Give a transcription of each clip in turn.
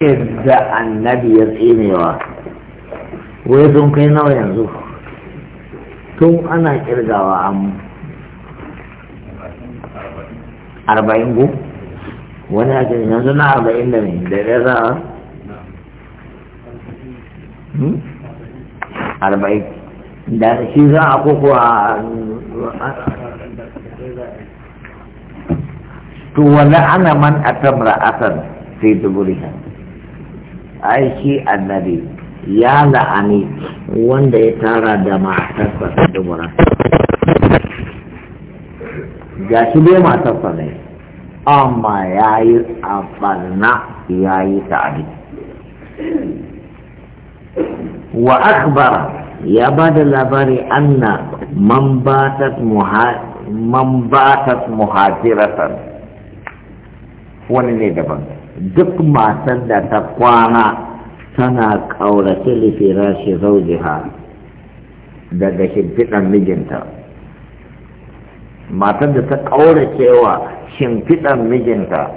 yadda annabi ya tsinewa wai sun kai nawa yanzu tun ana kirgawa mu arba'in gu wani ake yanzu na arba'in da ne da ya za hmm? arba'in da shi za a koko a to wala ana man atamra asan sai duburihan aiki annabi ya la'ani wanda ya tara da matarsa ta dubura ga shi dai matarsa ne amma ya yi tsabarna ya yi ta'adi wa akbar ya ba da labari anna man batat muhajiratan wani ne daban duk matan da ta kwana tana ƙaurace lifira shi ha daga shimfiɗan mijinta matan da ta wa shimfiɗan mijinta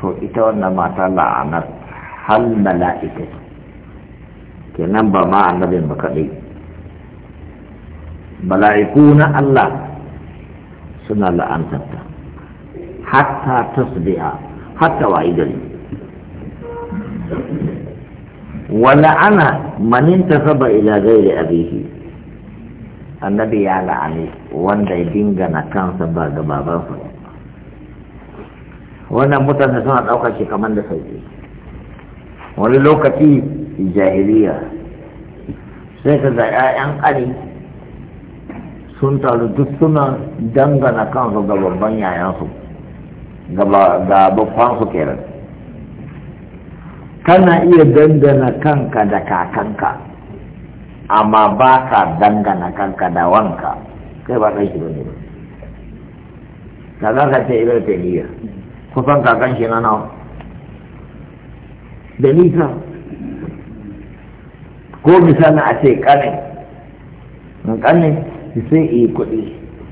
to ita wannan mata la'anar har mala'ika kenan ba ma annabin ba kaɗai mala'iku na Allah suna la'antarta hatta tasbiha hatta wa'idari gari wala ana manin saba ila gairi abihi annabi ya la'ani wanda ya na kansa ba ga wannan mutane suna ɗaukar shi kamar da sai wani lokaci jahiliya sai ka ga 'ya'yan ƙari sun taru duk suna dangana kansu ga babban yayansu ga babbansu kenan kana iya dandana kanka da kakanka amma ba ka dangana kanka da wanka kai ba kai shi ba ne ba kakanka ce ilar teniya kusan kakan shi na nawa da nisa ko misali a ce kanin kanin sai yi kuɗi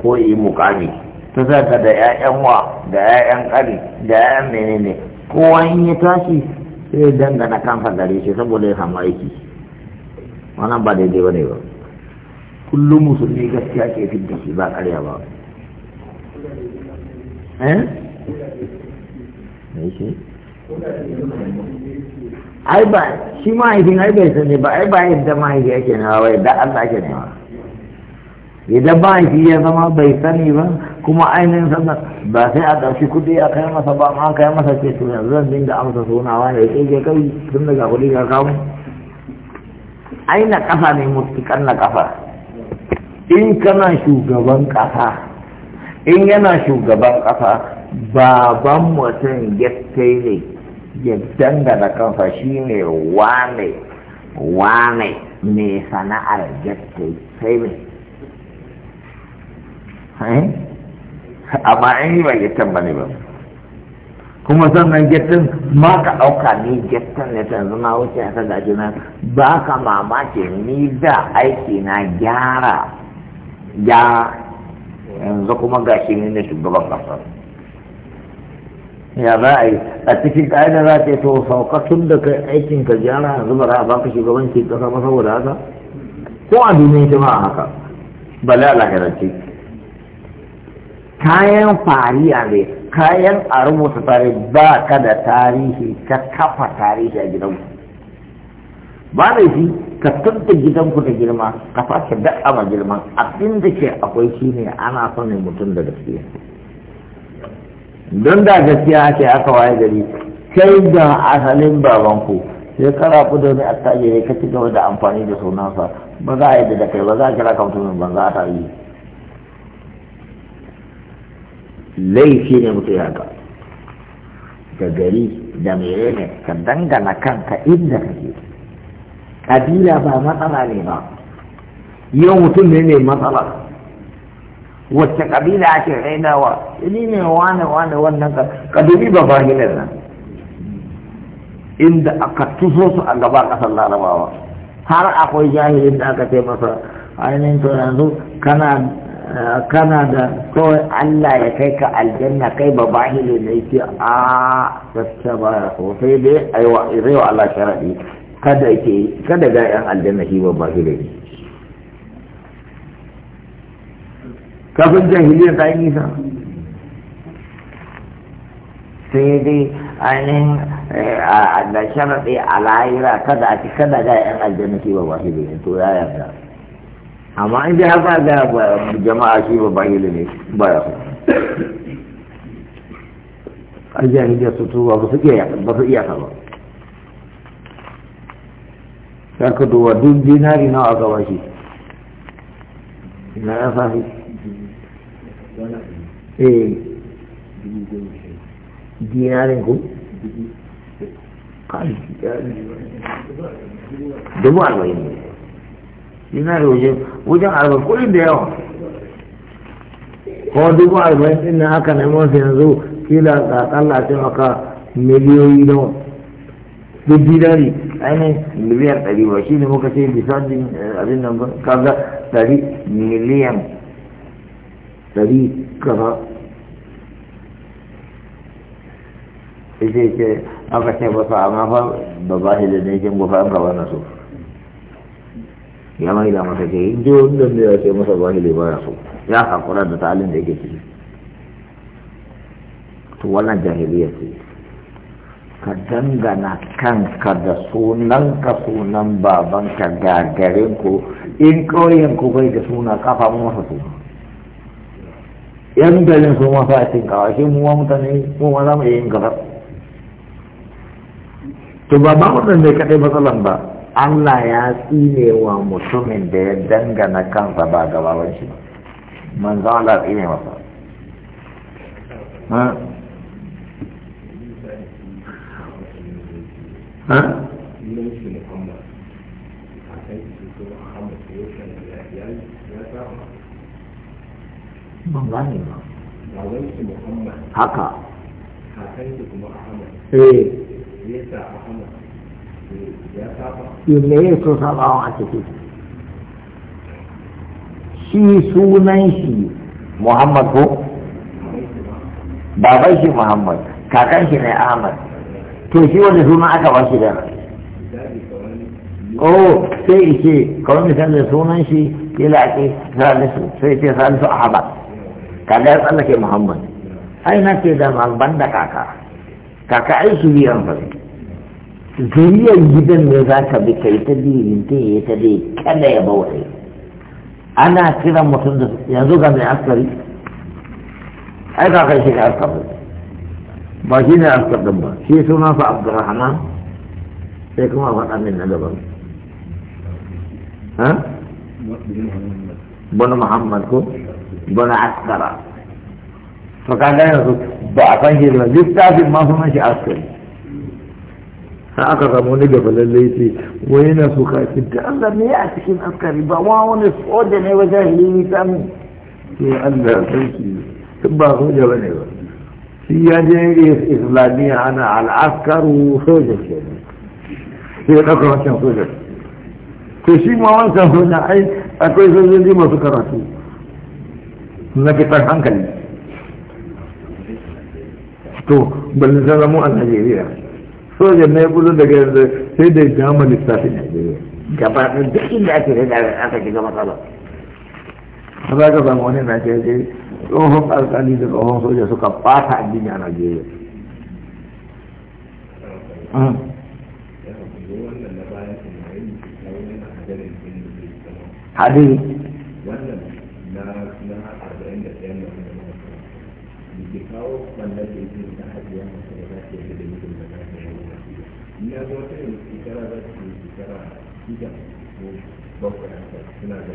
ko yi mukami ta sa ka da 'ya'yan wa da 'ya'yan kari da 'ya'yan menene kowa in ya tashi sai dangana kansa gare shi saboda ya samu aiki wannan ba daidai ba ne ba kullum musulmi gaskiya ke fi da shi ba karya ba eh shi ai ba shi mahaifin ai bai sani ba ai ba yadda mahaifi yake nema da yadda Allah ake nawa idan mahaifi ya zama bai sani ba kuma ainihin sannan ba sai a ƙarshe kuɗi a kai masa ba ma kai masa ce to yanzu zan dinga amsa suna wa ne sai ke kai tun daga kuɗi ga kawo aina na ƙasa ne mutukan na ƙasa in kana shugaban ƙasa in yana shugaban ƙasa baban mutum gaske ne ya dangana kansa shi ne wane wane mai sana'ar gaske sai ne amma an yi ba gettan ba ne ba kuma sannan gettan ma ka ɗauka ni gettan ne ta zama wuce a ta gaji na ba ka mamaki ni da aiki na gyara ya yanzu kuma shi ne na shugaban kasar ya za a yi a cikin ƙa'ida za ta yi to tun da kai aikin ka gyara yanzu ba za a baka shugabanci ƙasa ba saboda haka ko a duniya ta ma a haka bala a lahirance kayan fariya ne kayan a rubuta tare ba ka da tarihi ka kafa tarihi a gidanku ba da shi ka gidan gidanku da girma ka fashe da ma girma abin da ke akwai shi ne ana son ne mutum da gaskiya don da gaskiya ce aka waye gari sai da asalin babanku sai kara ku da wani attajiri ka ci gaba da amfani da sunansa ba za a yi da kai ba za a kira ka mutumin banza a tarihi laifi ne mutu ya ga da gari da mere ne ka dangana kanka inda kake kabila ba matsala ne ba yau mutum ne mai matsala wacce kabila ake rainawa ni ne wane wane wannan kabili ba fahimin nan inda aka tuso su a gaba kasar larabawa har akwai jahilin da aka ce masa ainihin to yanzu kana Eh, kana da kawai Allah ya kai ka aljanna kai ba bahile ne yake a gaskiya ba ko sai dai aiwa zai wa Allah sharadi kada yake kada ga yan aljanna shi ba bahile ne kafin jahiliya ta yi nisa sai dai ainihin eh, da sharaɗi a lahira kada a ci kada ga yan aljanna shi ba bahile ne to ya yarda amma in dai har ba ga jama'a shi ba ba ne ba ya a jahiliya su tuba ba su iya ba su iya ka ba za ka duba duk dinari nawa aka ba shi na ya fafi eh dinarin ku dubu arba'in ne yana da waje wajen arba'in kudin da yawa ko dubu arba'in ɗin nan aka nemo su yanzu kila tsakalla ce maka miliyoyi da duk dinari ainihin miliyan ɗari ba shi ne muka ce bisandin eh, abin nan ba kaga ɗari miliyan ɗari kaza ita ce aka ce ba sa amma fa ba ba shi da ne jin gufa an gaba na so ya mai da masa ke jo inda ne ya ce masa zahiri ba ya so ya hakura da talin da yake ciki to wannan jahiliya ce ka dangana kanka da sunanka sunan babanka gagarin ku in ƙauyen ku bai da suna kafa mu masa suna yan garin su masa a cikin kawashe mu wa mutane mu ma za mu yin gaba to ba ba waɗanda kaɗai matsalan ba Allah ya tsine wa mutumin da ya dangana kansa ba gabawan shi manzo Allah tsine masa haka Ahmad eh. me sun sabawa a ciki shi sunan shi muhammad ko baban shi muhammad kakan shi ne ahmad to shi wanda suna aka ba shi da oh sai ishe kawai misali sunan shi kila ake salisu sai ce salisu ahmad kaga ya tsallake muhammad ai na ce da ban da kaka kaka aiki biyan fasi zuriyar gidan ne za ka bi kai ta biyu ta yi ta biyu kada ya bauɗe ana kiran mutum da yanzu ga mai askari ai ka kai shi ne askari ba shi ne askar ɗin ba shi suna sa abdurrahman sai kuma faɗa min na daban bana muhammad ko bana askara to kaga yanzu ba a kan shi ba littafin ma sunan shi askari أقرأ مونيجا فلليتي وين فكاتي انت الله مياتي كن أذكري بواون فعودني وزاهلي ميتامي في الله فلسي تبا خوجة بني في يدي إسلامي أنا على العسكر وخوجة في أقرأ كان خوجة كشي ما وانسا خوجة حي أكوي خوجة دي ما فكراتي لك فرحان كلي تو بل نسلمو أنها جيريا sojan na ya bulu daga yanzu sai da gama lissafin Najeriya gaba da duk inda ake rika aka shiga matsala ba za ka samu wani na ce tsohon alkali da tsohon soja suka fata addini a Najeriya hmm. hadiri mallake zai da hajiya masu da za ta da mijin da za da shi zo ta yi shekara za yi shekara ko bakwai suna da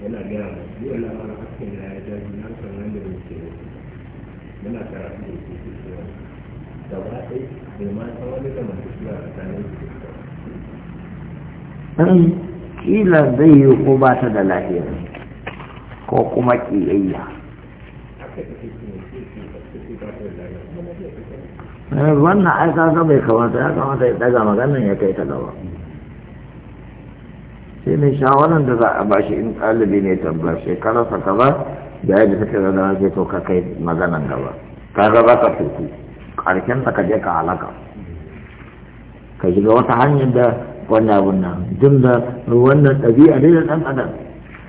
yana labarin hakan ya jaji na san ke muna karatu da ke ke ma wani da su kila zai yi ko ba ta da lafiya ko kuma ƙiyayya Eh, wannan ai kaga bai kamata ya kamata ya daga maganin ya kai ta gaba sai mai shawarar da za a bashi in ɗalibi ne tabbar shekararsa kaza da yadda take da zama sai to ka kai maganan gaba ka ga ka tuku ƙarshen ka je ka halaka ka shiga wata hanyar da wannan abun nan tun da wannan ɗabi'a ne da ɗan adam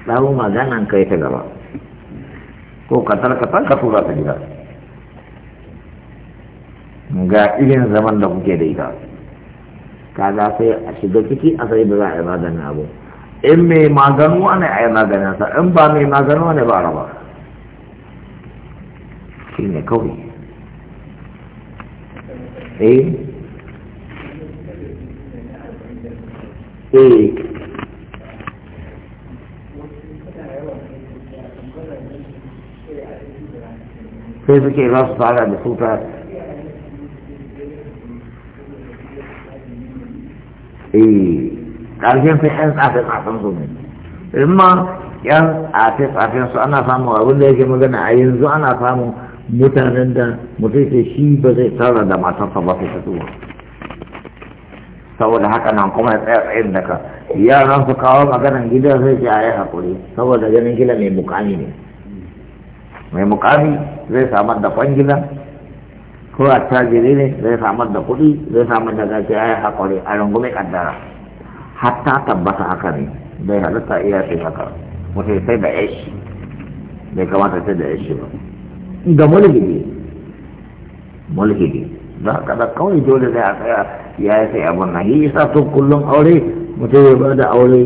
ɗawo maganan kai ta gaba ko ka tarkata ka tura ta gida ga irin zaman da kuke da ita kaga sai a shiga ciki a sai ba za a yi maganin abu in mai maganu ne a yi maganin sa in ba mai maganu ne ba raba shi ne kawai eh eh sai suke za su fara da su eh fi sai yan tsafe tsafen su ne in ma yan tsafe tsafen su ana samun abin da yake magana a yanzu ana samun mutanen da mutum ce shi ba zai tara da matarsa ba su ba saboda haka nan kuma ya tsaya tsayin daga yaran su kawo maganan gida sai ce a yi hakuri saboda ganin gida mai mukami ne mai mukami zai samar da kwangila ko attajiri ne zai samar da kuɗi zai samar da gaji ya yi haƙuri a rungume ƙaddara hatta tabbata haka ne bai halitta iya sai haka ya sai da yashi bai kamata sai da yashi ba ga mulhidi mulhidi za ka da kawai dole zai a tsaya ya yi sai abin nan yi isa sun kullum aure mutum ya ba da aure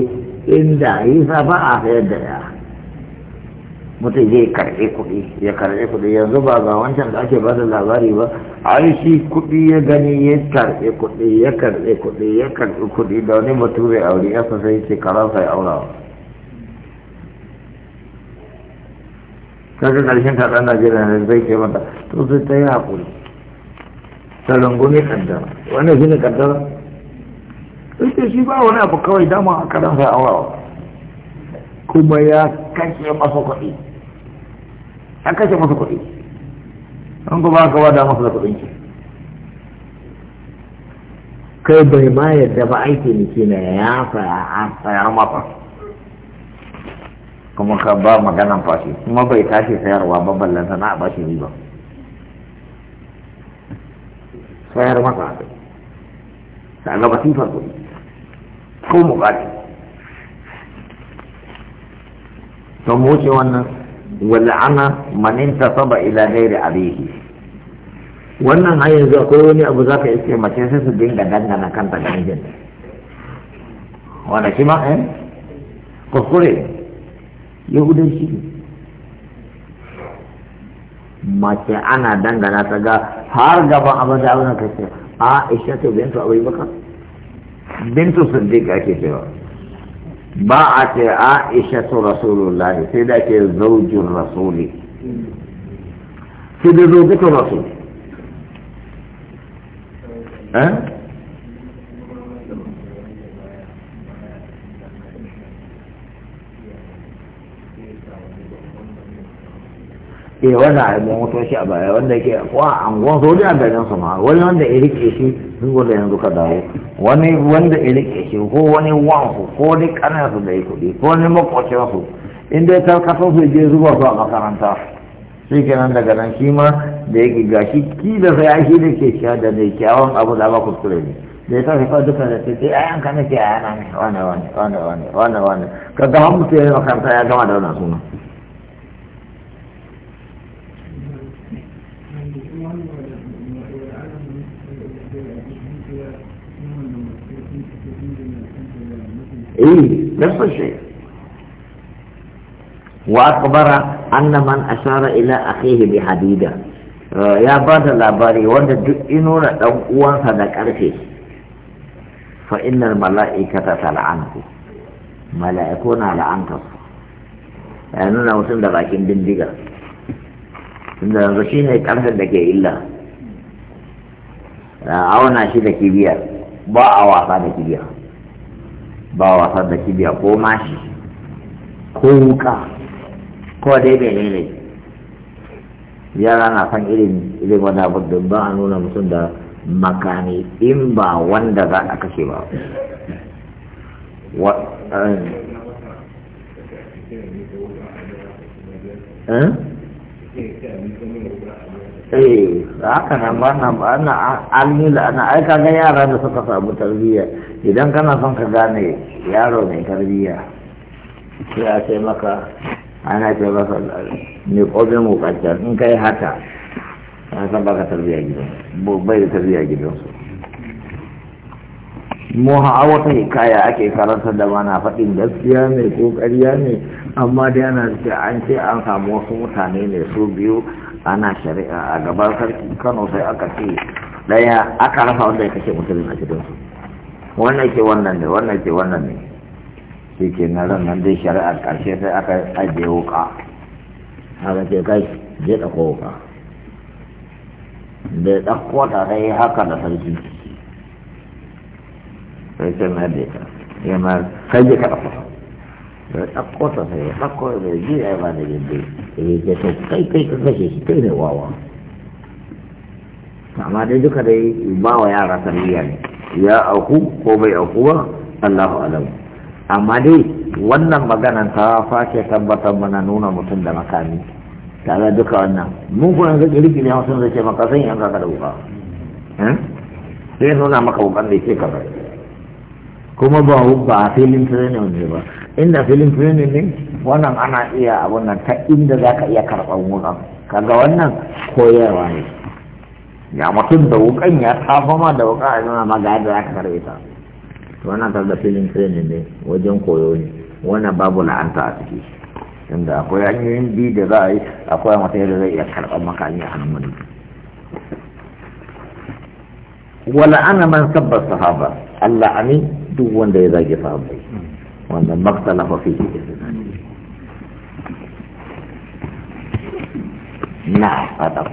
inda yi isa ba a sayar da ya mutum zai karɓe kuɗi ya karɓe kuɗi yanzu ba ga wancan da ake ba da labari ba ai shi kuɗi ya gani ya karɓe kuɗi ya karɓe kuɗi ya karɓe kuɗi da wani bature aure ya sai ce karansa sai aura kaga ƙarshen kaɗan najeriya ne zai ke mata to sai ta yi haƙuri ta rungumi kaddara wannan shi ne kaddara sai shi ba wani abu kawai dama a karansa sai aura kuma ya kashe masa kuɗi an kashe masa kuɗi an kuma aka wada masa da kuɗin kai bai ma yadda ba aiki ne ke na ya faya a saya masa kuma ka ba maganan fashi kuma bai tashi sayarwa ba ballan sana a bashi riba sayar masa a kai sa gaba basifar kuɗi ko mu to mu wuce wannan wal'ana man intasaba ila ghairi alihi wannan har yanzu akwai wani abu za ka iske mace sai su dinga dangana kanta ga mijin wanda shi ma eh kuskure yahudanci mace ana dangana ta ga har gaban abin da abin da ka a isha to bintu abu baka? bintu sun ake cewa باعت عائشة رسول الله سيدك زوج الرسول سيد زوجة الرسول أه؟ eh wanda a mun wato shi a baya wanda yake kuwa an gwan soja a garin su ma wani wanda ya rike shi sun gwada yanzu ka dawo wani wanda ya rike shi ko wani wanku ko ni kanar su da ya kuɗi ko ni makwacin su inda ya karkato su je zuba su a makaranta shi kenan daga nan shi ma da yake gashi ki da sai ake da ke sha da mai kyawun abu da ba kuskure ne da ya tafi duka da ta ce eh, ai an kana ke a yana ne wane wane wane wane wane ka ga hamu sai makaranta ya gama da wannan نفس الشيء وأخبر أن من أشار إلى أخيه بحديدة آه، يا بعض الأباري وانت جئنون لو أوان فذكرته فإن الملائكة تلعنك ملائكون على أنك لأننا وسند لكن دين ديجا سند رشينا يكرف لك إلا آه، أو ناشي لك بيا با أواقا لك بيا ba wasan da kibiya ko mashi ko wuka ko dai mene ne yara na san irin irin wani abu da ba a nuna mutum da makani in ba wanda za a kashe ba eh? Eh? eh haka nan ba na na an yi ana aika ga yara da suka samu tarbiyya idan kana son ka gane yaro mai tarbiyya sai a ce maka ana ce masa ne kobe mu kacce in kai haka an san baka tarbiyya gidan bai da tarbiyya mu a wata hikaya ake karanta da mana faɗin gaskiya ne ko ƙarya ne amma dai ana ce an ce an samu wasu mutane ne su biyu ana shari'a a gaban sarki kano sai aka ce ɗaya aka rasa wanda ya kashe mutumin a gidansu wannan ke wannan ne wannan ke wannan ne shi ke na ran nan dai shari'ar ƙarshe sai aka ajiye wuka haka ce kai je ɗauko wuka da ya ɗauko ta sai haka da sarki sai ce na da ita ya ma kai je ka ɗauko da ya ɗauko ta sai ya ɗauko da ji ya ba da gindi ya ke to kai kai ka kashe shi kai ne wawa amma dai duka dai ba wa yara tarbiyya ne ya auku ko bai auku ba Allahu alam amma dai wannan maganan ta fashe tabbatar mana nuna mutum da makami tare duka wannan mun kuma ga girki ne wasu zai ce maka san yanka ka da wuka hmm? sai nuna maka wukan da ke kafa kuma ba ba filin training ne ba inda filin training ne wannan ana iya abun nan ta inda za ka iya karɓar wukan kaga wannan koyarwa ne ya mutum da wukan ya tafa ma da wuka a zama ma ga yadda za ka karbe ta wannan tar da filin training ne wajen koyo ne wana babu la'anta a ciki inda akwai hanyoyin bi da za a yi akwai mutum yadda zai iya karɓar makami a hannun wani wala ana man sabbar sahaba Allah amin duk wanda ya zage sahabbai wannan maktalafa fi na a